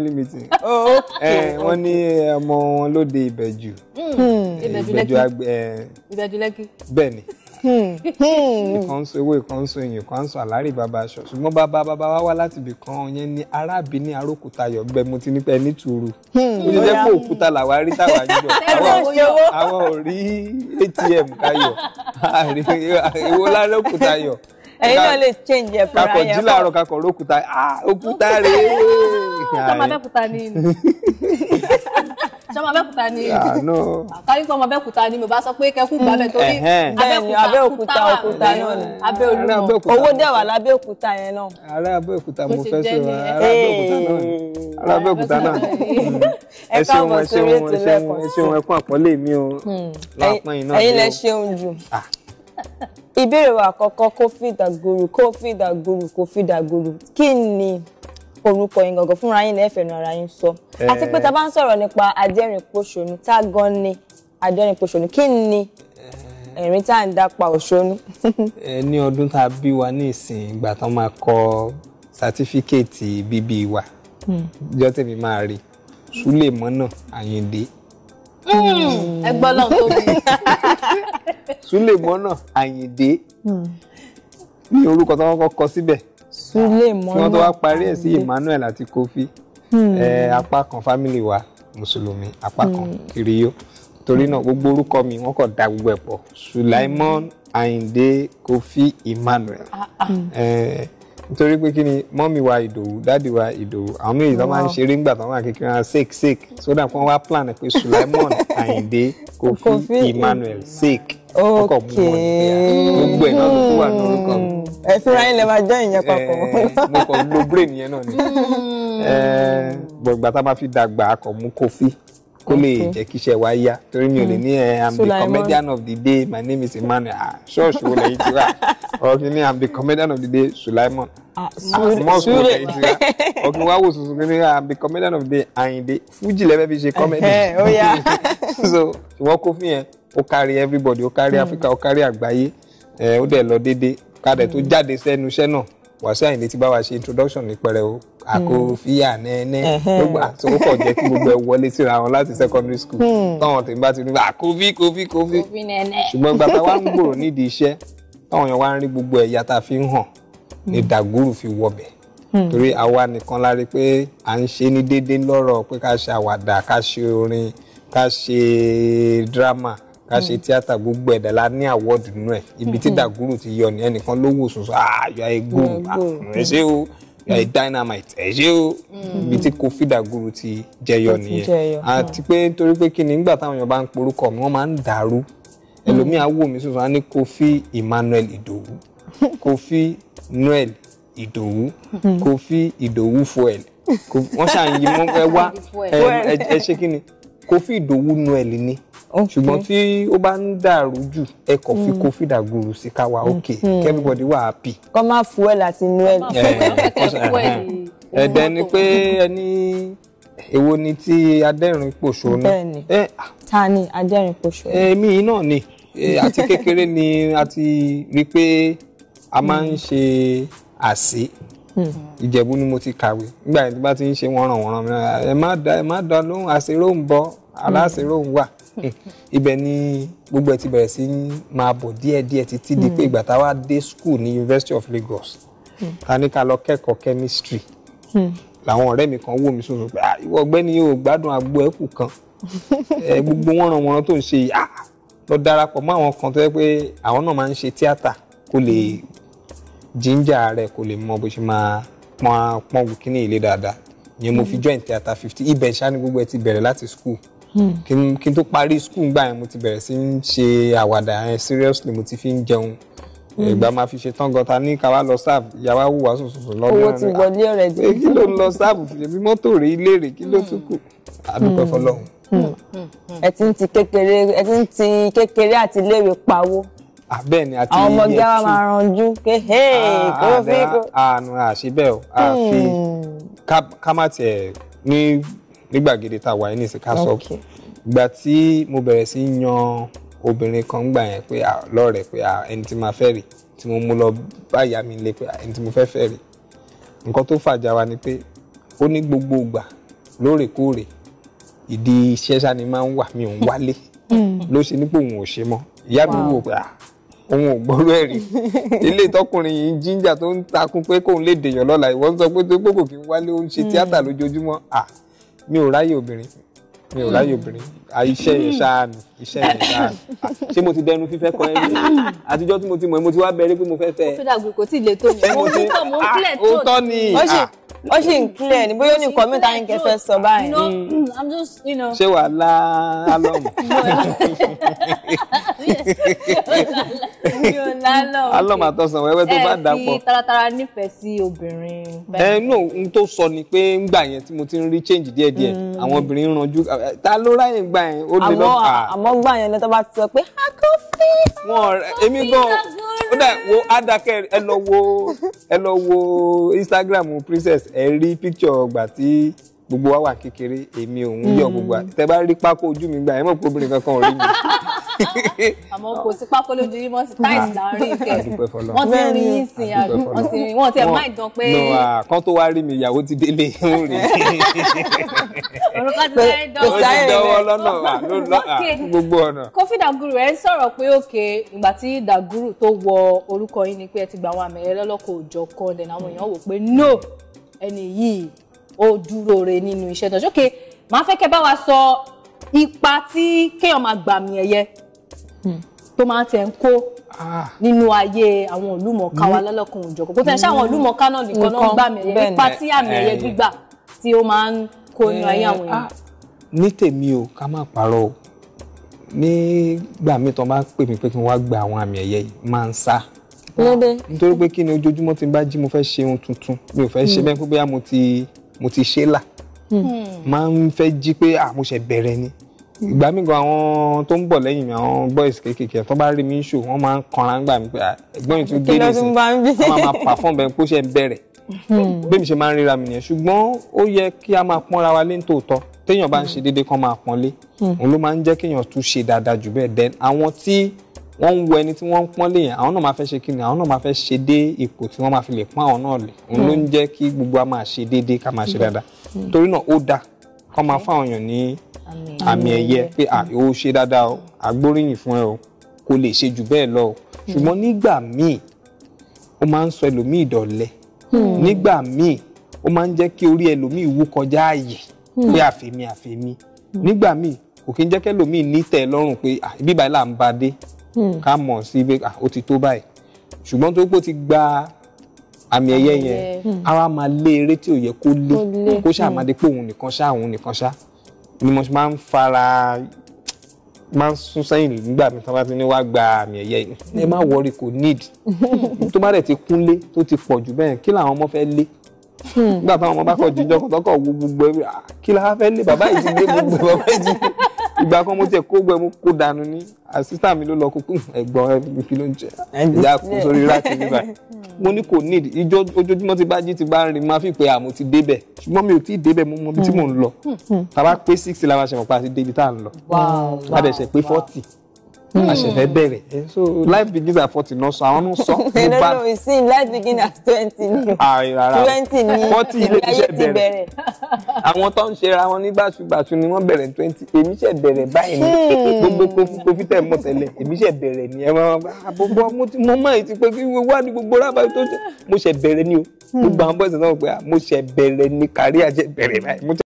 family meeting oh, eh, wọ́n ní eh, ọmọ wọn ló dé ìbẹ̀jù ìbẹ̀jù lẹ́kì bẹ́ẹ̀ ni ìkan ń so ewé ìkan ń so èyàn kan ń so àlárí bàbá aṣọ ṣùgbọ́n bàbá bàbá wa wá láti ibì kan yẹn ní arábì ní arókúta yọ̀gbẹ́ mo ti nípa ẹni tùrù hmm. ó ti jẹ́ pé òkúta làwa rí táwa jọ àwọn ò rí atm káyọ̀ èwo lárókúta yọ̀ ẹ̀yin náà lè change ẹ̀ fúnra yẹn. kakọ̀ jí làárọ̀ kakọ̀ rókúta ah òkúta rè é. sọmọ abẹ́kúta ni sọmọ abẹ́kúta ni kárí pé ọmọ abẹ́kúta ni mo bá sọ pé kẹ́kù gbàbẹ̀ mm-hmm. torí abẹ́kúta òkúta náà abẹ́ olúmọ owó dẹ̀ wà yẹn náà. ará abẹ́òkúta mo fẹ́ sọ ará abẹ́òkúta náà ẹ ṣeun ẹ ṣeun ẹ ṣeun ẹ ṣeun ẹ kún àpọ́nlé mi o lápọ́n iná mi o ẹ̀yin lẹ ṣeun jù. Ah ìbéèrè wa àkọ́kọ́ Kofi Dagboru Kofi Dagboru Kofi Dagboru kí ni orúkọ yín gangan fúnra yín lẹ́ẹ̀fẹ̀ nu ara yín sọ eh. àti pé ta bá ń sọ̀rọ̀ nípa adẹ́rìn-pòṣónú tá a gan ni adẹ́rìn-pòṣónú kí ni ẹ̀rín tá à ń dápa òṣónú. ẹ eh, ní ọdún tá a bí wa ní ìsìn ìgbà tán máa kọ sátífíkẹ́ẹ̀tì bíbí wa ìjọ hmm. tèmi máa rí Súlèmọ́nà Àyìndé. Hmm. ẹgbọ́n náà tóbi. Sulemona Àyìndé hmm. ní orúkọ tó kọ́kọ́ kọ síbẹ̀ Sulemona tí wọ́n tó wá parí ẹ̀ sí Emmanuel àti Kofi hmm. apá kan fámìlì wa mùsùlùmí apá kan hmm. kiriyó torí náà gbogbo orúkọ mi wọ́n kàn da gbogbo ẹ̀ pọ̀ Sulaimon Àyìndé Kofi Emmanuel nítorí pé kí ni mọ́mì wa ìdòwú dáàdì wa ìdòwú àwọn méjì tó máa ń ṣeré ńgbà tó máa kékeré wọn sake sake sódà fún wa plan pé Sulaimon Àyìndé Kofi Emmanuel sake ọkọ̀ mú wọn ah, gbogbo ẹ̀ náà ló kú wà lórúkọ mi ẹ fúnra yín lè máa jọ ìyẹn eh, papọ̀. mo kàn lo brain yẹn náà ni hmm. eh, bọ̀gbà tá a bá fi dàgbà akọ̀ mú Kofi kó lè jẹ́ kí iṣẹ́ wa yá torí mi ò lè hmm. ní ẹ eh, i'm the comedian of the day my name is Emmanuel ah ṣọ́ọ̀ṣì wo lẹ́yìn tí wà ni i'm the comedian of the day Sulaimon ah, ah, mọ́ọ̀sì wo lẹ́yìn tí wà wa wò sùsù kí ni ah, i'm the comedian of the day Àyìndé fújì lẹ́fẹ́ fi ṣe comedy so wọ́n kó fún yẹn ó kárí everybody ó kárí Africa hmm. ó kárí àgbáyé eh, ó dẹ̀ lọ déédéé ká dẹ̀ tó hmm. jáde sẹ́nu iṣẹ́ náà Wàsíù Àyìndé ti bá wa ṣe introduction ní pẹrẹ o àkófíà hmm. nẹ́ẹ́nẹ́ gbogbo àti ó kọ̀ jẹ́ kí gbogbo ẹ̀ wọlé síra wọn láti secondary school hmm. táwọn tèmi bá ti rí àkófí kófí kófí ṣùgbọ́n gbàtà wa ń gbòòrò nídìí iṣẹ́ táwọn èèyàn wá ń rí gbogbo ẹ̀yà tá a fi ń hàn ní hmm. dàgúrù fi wọbẹ̀ torí àwa nìkan la rí pé à ń ṣe ní déédéé lọ́rọ̀ pé ká ṣe àwàdà ká ṣe orin ká ṣe drama ká ṣe mm. tíátà gbogbo ẹ̀dá la ní award nínú ẹ̀ ibi tí dàgúrò ti yọ ni ẹnìkan ló wò sùn sọ àyà egbò ẹ ṣé o ẹ mm. dynamite ẹ ṣé o mm. ibi tí Kofi Dàgúrò ti jẹyọ nìyẹn àti pé nítorí pé kí ni nígbà táwọn èèyàn bá ń porúkọ mi wọ́n máa ń dàrú ẹlòmíà wò mí sùn sọ ní Kofi Emmanuel Idowu, Kofi Noel Idowu, Kofi Idowu fuel wọ́n ṣàyìn mọ́ ẹ wá ẹ ṣe kí ni Kofi Idowu Noel ni ṣùgbọ́n tí ó bá ń dàrú jù ẹ kàn fi covid mm. àgùrù sí ká wa ok everybody mm-hmm. wà happy. kọ́ máa fu ẹ láti inú ẹ. ẹ̀dẹ̀ ni pé ẹni èwo ni ti adẹ́rìn pòṣónú. bẹ́ẹ̀ni ta ni adẹ́rìn pòṣónú. èmi náà ni àti kékeré ni a ti rí pé a máa ń ṣe àsè hmm. ìjẹ̀bú ni mo ti kàwé nígbà yẹn tí bá ti ń ṣe wọ́n ràn ẹ má dá lóhùn àṣírò ń bọ̀ aláṣírò ń wà. ibẹ̀ ni gbogbo ẹ̀ ti bẹ̀rẹ̀ sí máa bọ̀ díẹ̀díẹ̀ títí di pé hmm. ìgbà táwa dé school ní University of Lagos ta hmm. ní ká lọ kẹ́kọ̀ọ́ chemistry hmm. làwọn ọ̀rẹ́ mi kan wò mí sọ̀rọ̀ pé ah, ìwọ ọ̀gbẹ́ni yóò gbádùn àgbo ẹ̀kú kan gbogbo wọn ràn wọn tó ń ṣe ah, lọ darapọ̀ mọ́ àwọn kan tó yẹ pé àwọn náà máa ń ṣe tíátà kó lè jíńjà rẹ̀ kó lè mọ bó ṣe máa pọn pọn wù kí ní dáadáa ìyẹn mo fi join theatre fifty ibẹ̀ ṣá ni gbogbo ẹ ti bẹ̀rẹ̀ láti school. Hmm. kí n tó parí skul gbà yẹn mo ti bẹ̀rẹ̀ sí ń ṣe àwàdà yẹn seriously mo ti fi ń jẹun hmm. ìgbà máa fi ṣe tán gọta ní ká wá lọ sáàbù ìyá wa wùwà sòsòsò lọ́dún owó ti ah, wọlé ọ̀rẹ́ dé kí ló ń lọ sáàbù fi ṣèbí mọ́tò rè ilé rè kí ló hmm. tún kù àdúpẹ́ fọlọ́run. ẹ ti ń ti kékeré ẹ ti ń ti kékeré àti iléèwé pawó. bẹ́ẹ̀ ni àti iye tù àwọn ọmọge wa máa ranjú ké kó ah, fi kó. àánú àṣìbẹ́ o àfi ká má tiẹ̀ ní nígbàgede tá a wà ní ìsìnká sọ ìgbà tí mo bẹ̀rẹ̀ sí yan obìnrin kan gbà yẹn pé lọ́rẹ̀ẹ́ pé ẹni tí máa fẹ́ rí tí mo mú lọ báyà mi lé pé ẹni tí mo fẹ́ fẹ́ rí nǹkan tó fàjà wa ni pé ó ní gbogbo ìgbà lóòrèkóòrè ìdí iṣẹ́ sani máa ń wà mí ò ń wálé hmm. ló ṣe nípò òun ò ṣe mọ́ ìyá mi wò pé òun ò gbọ́rọ̀ ẹ̀ ilé ìtọ́kùnrin yìí jíjà tó ń takun pé kóun lè dèèyàn lọ́la ìwọ sọ pé tó gbogbo kì í wálé ó ń ṣe hmm. tíátà lójoojúmọ́ mi ò ráyè obìnrin mi ò ráyè obìnrin iṣẹ́ yẹn ṣáà nù iṣẹ́ yẹn ṣáà nù ṣé mo ti dẹnu fífẹ́ kan ẹni àtijọ́ tí mo ti mọ̀ ẹ́ mo ti wá bẹ̀rẹ̀ pé mo fẹ́ fẹ́. ó fi dàgbé kò tí ì lè tó mi mo ti tọ̀ mo ń ah, clear tó ó tọ́ ni ah. ó sì ń clear ni bóyá ó ní nǹkan mi ta ni kẹ fẹ́ sọ báyìí. Mm, ṣé wàá lá álọ́mù. alọ́mà tọ̀sán wẹ́wẹ́ tó bá dàpọ̀. ẹ fi taratara nífẹ̀ẹ́ sí obìnrin. ẹ nù n tó sọ ni pé ngbà yẹn tí mo ti ń rí change díẹ̀ díẹ̀ mm. àwọn obìnrin ń ranjú ta ló ráyè ngbà yẹn ó lè lọ́ọ́ kà. àmọ́ ngbà yẹn lọ́tọ́ bá ti sọ pé a kò fi wọn èmi gan ó dà wo adakẹ ẹ lọ wo ẹ lọ wo Instagram princess ẹ rí picture ọgbà tí gbogbo wa wà kékeré èmi òun yọ mm. gbogbo àtẹ bá rí pákó ojú mi gbà ẹ mọ̀ pé obìnrin kankan ò rí mi àmọ́ kò sí pákó lójú sí táìsì láàrin ìkẹ́ wọ́n ti rin yín sí àbí wọ́n ti rin wọ́n ti ẹ̀ máa ń pé. Ah, kan tó wá rí mi ìyàwó ti délé ń rìn. orúkọ ti fẹ́ dánwọ́ lọ́nà ah, ah, gbogbo ọ̀nà. Koffi Daguru ẹ sọ̀rọ̀ pé òkè ìgbà tí Daguru tó wọ orúkọ yín ni pé ẹ ti gba àwọn àmì lọ́lọ́kọ̀ òjọ̀ kan dẹ̀ àwọn èèyàn wò pé no ẹni yìí ó dúró re nínú iṣẹ́ náà ṣókè máa fẹ́ kẹ́ bá wa sọ ipa tí kéèyàn máa gbàmì ẹ̀yẹ tó máa tẹ̀ ń kó ah. nínú ayé àwọn olùmọ̀ọ́ká wa lọ́lọ́kan òjọ̀kan kó tẹ̀ ṣe àwọn mm. olùmọ̀ọ́ká náà nìkan náà ń gbà mí ẹ̀yẹ nípa tí gbígbà tí ó máa ń kó nínú ayé àwọn èèyàn. Ah, ní tèmi o ká má parọ́ o nígbà míì tó máa ń pè mí pé kí n wá gba àwọn àmì ẹ̀yẹ yìí máa ń sá nítorí pé kí ni ojoojúmọ́ tí n bá jí mo fẹ́ ṣe ohun tuntun mi ò fẹ́ ṣe hmm. bẹ́ẹ̀ pé bóyá mo ti ṣe é là hmm. máa ń fẹ́ jí pé à bẹ̀rẹ̀ ni ìgbà mi gan àwọn tó ń bọ̀ lẹ́yìn mi àwọn boys kéékèèké tó bá rí mi ń ṣò wọ́n máa ń kanra ń gbà mí pé ẹ̀gbọ́n yìí tó dé nísìnyí wọ́n máa perform bẹ́ẹ̀ kó ṣe bẹ̀rẹ̀ hmm. bẹ́ẹ̀ mi ṣe máa ń ríra mi nìyẹn ṣùgbọ́n ó yẹ kí a máa pọ́nra wa lé ní tòótọ́ téèyàn bá ń ṣe déédéé kan máa pọ́n lé hmm. òun ló máa ń jẹ́ kéèyàn tún ṣe dáadáa jù bẹ́ẹ̀ then àwọn tí wọ́n ń wo ẹni tí wọ́n ń pọ́n lé yẹn àwọn náà máa fẹ́ ṣe kí ni àwọn náà máa fẹ́ ṣe dé ipò tí wọ́n máa fi lè pọ́n àwọn náà lè òun ló ń hmm. jẹ́ kí gbogbo a máa ṣe déédéé ká máa ṣe dáadáa torí náà ó dáa kó máa fáwọn èèyàn ní àmì ẹ̀yẹ pé à ó ṣe dáadáa o àgbóríyìn fún ẹ o kò lè ṣe jù bẹ́ẹ̀ lọ o hmm. ṣùgbọ́n nígbà míì ó máa ń sọ ẹlòmíì dọ̀lẹ hmm. nígbà míì ó máa ń jẹ́ kí orí ẹlòmíì wú kọjá ààyè hmm. pé àfẹ́mi àfẹ́mi nígbà míì kò kí ń jẹ́ kẹ́lòmíì nítẹ̀ lọ́rùn pé ibi báyìí là ń ba dé ká mọ̀ sí pé ó ti tó báyìí ṣùgbọ́n tó pé ó ti gba àmì ẹ̀yẹ yẹn ara máa lé eré tí ò yẹ kó lé kó ṣáà máa dé pé òun nìkan ṣá òun nìkan ṣá ni mo ṣe máa ń fara máa ń sún sẹ́yìn nígbà mi tí wọ́n bá ti ní wá gba àmì ẹ̀yẹ ẹ má wọrí kò need tó bá dẹ̀ ti kúnlé tó ti pọ̀ jù bẹ́ẹ̀ kí làwọn ọmọ fẹ́ lé hmm. nígbà táwọn ọmọ bá kọ̀ jíjọ́ kọ́tọ́kọ̀ wo gbogbo ẹ̀ kí làwọn fẹ́ lé bàbá yìí ti lé gbogbo bàbá yìí ti lé ìgbà kan mo tiẹ̀ kó gbẹ mo kó dànù ní assistant mi ló lọ kó ẹ̀gbọ́n ẹbí kí ló ń jẹ ìyá kó sórí láti rí báyìí hmm. mo ní kò need ìjọ ojoojúmọ́ ti bá jí ti bá ń rìn máa fi pé àmọ́ ti débẹ̀ ṣùgbọ́n mi ò tí ì débẹ̀ mo mọ ibi tí mò ń lọ hmm. tàbá pé six la máa ṣẹ̀mọ̀ pa àti débi tá à ń lọ adẹ̀ṣẹ̀ pé forty àṣẹfẹ hmm. bẹ̀rẹ̀ eh, so life begins at forty náà sọ àwọn náà sọ. no no you see life begins at twenty ni twenty ni ayé ti bẹ̀rẹ̀ àwọn tó ń ṣera wọn ní báṣubàṣu ni wọ́n bẹ̀rẹ̀ twenty èmi ṣe bẹ̀rẹ̀ báyìí ni gbogbo kofi tẹ̀ mọ̀ tẹ́lẹ̀ èmi ṣe bẹ̀rẹ̀ ni ẹ máa àbọ̀bọ̀ ah, mo mọ̀ èyí ti pé kí wọ́n wá ní gbogbo rábà tó ṣe mo ṣe bẹ̀rẹ̀ ni o gbogbo àwọn bọ́ọ̀sì náà pé ah, mo ṣe bẹ̀rẹ̀ ni kárí àṣẹ bẹ̀rẹ̀ báyìí